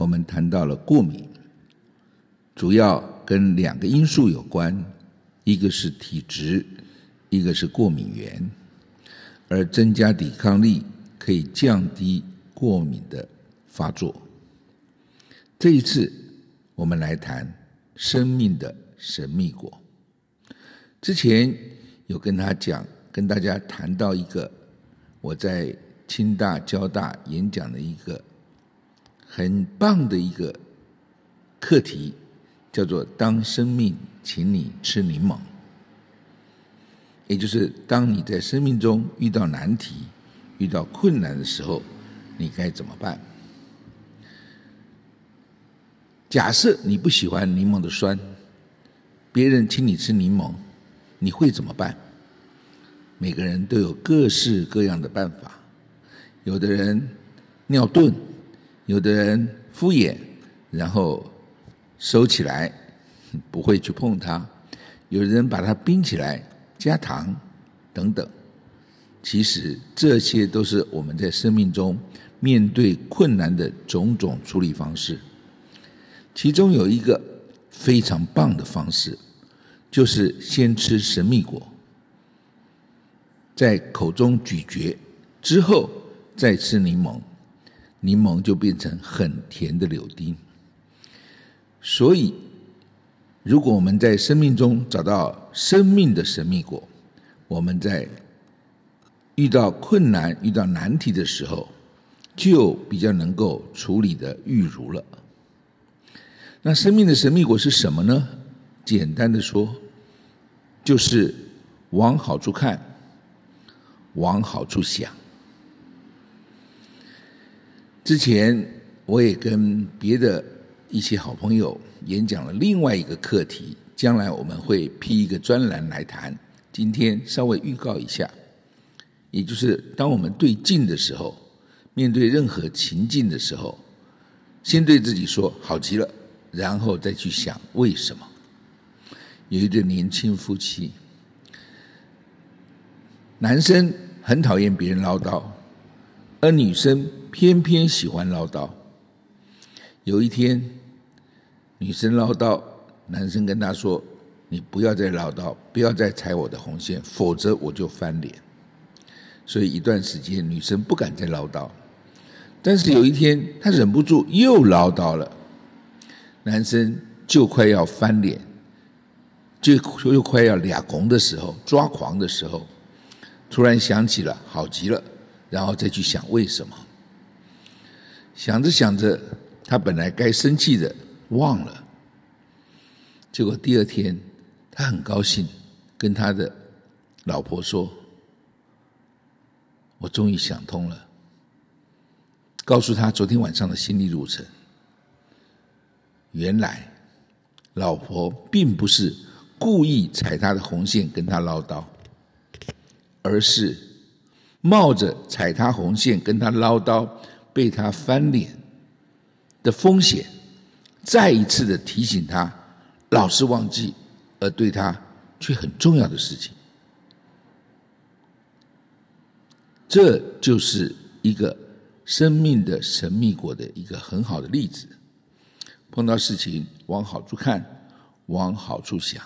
我們談到了過敏，主要跟兩個因素有關，一個是體質，一個是過敏源，而增加抵抗力可以降低過敏的發作。這一次我們來談生命的神秘果。之前有跟他講，跟大家談到一個我在清大交大演講的一個。很棒的一個課題，叫做“當生命請你吃檸檬”，也就是當你在生命中遇到難題、遇到困難的時候，你該怎麼辦？假設你不喜歡檸檬的酸，別人請你吃檸檬，你會怎麼辦？每個人都有各式各樣的辦法，有的人尿遁。有的人敷衍，然後收起來，不會去碰它；有人把它冰起來，加糖等等。其實這些都是我們在生命中面對困難的種種處理方式。其中有一個非常棒的方式，就是先吃神秘果，在口中咀嚼之後再吃檸檬。檸檬就變成很甜的柳丁，所以，如果我們在生命中找到生命的神秘果，我們在遇到困難、遇到難題的時候，就比較能夠處理的自如了。那生命的神秘果是什麼呢？簡單的說，就是往好處看，往好處想。之前我也跟別的一些好朋友演講了另外一個課題，將來我們會闢一個專欄來談。今天稍微預告一下，也就是當我們對境的時候，面對任何情境的時候，先對自己說“好極了”，然後再去想為什麼。有一對年輕夫妻，男生很討厭別人嘮叨。而女生偏偏喜歡嘮叨。有一天，女生嘮叨，男生跟她說：“你不要再嘮叨，不要再踩我的紅線，否則我就翻臉。”所以一段時間，女生不敢再嘮叨。但是有一天，她忍不住又嘮叨了，男生就快要翻臉，就又快要臉紅的時候，抓狂的時候，突然想起了，好極了。然後再去想為什麼？想着想着，他本來該生氣的，忘了。結果第二天，他很高興，跟他的老婆說：“我終於想通了。”告訴他昨天晚上的心理路程。原來，老婆並不是故意踩他的紅線跟他嘮叨，而是。冒着踩他紅線、跟他嘮叨、被他翻臉的風險，再一次的提醒他老是忘記而對他卻很重要的事情，這就是一個生命的神秘果的一個很好的例子。碰到事情往好處看，往好處想，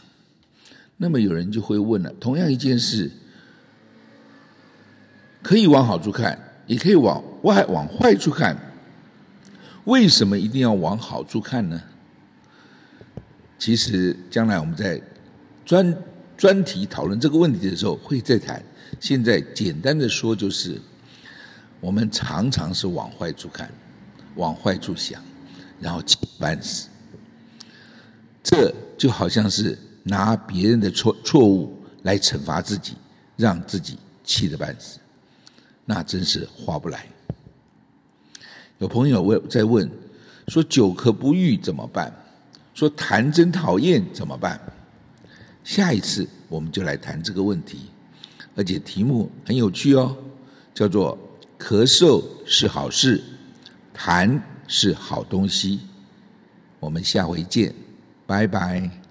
那麼有人就會問了：同樣一件事。可以往好處看，也可以往外往壞處看。為什麼一定要往好處看呢？其實將來我們在專專題討論這個問題的時候會再談。現在簡單的說就是，我們常常是往壞處看，往壞處想，然後氣得半死。這就好像是拿別人的錯錯誤來懲罰自己，讓自己氣得半死。那真是划不來。有朋友在問說：“久咳不癒怎麼辦？”說：“痰真討厭怎麼辦？”下一次我們就來談這個問題，而且題目很有趣哦，叫做“咳嗽是好事，痰是好東西”。我們下回見，拜拜。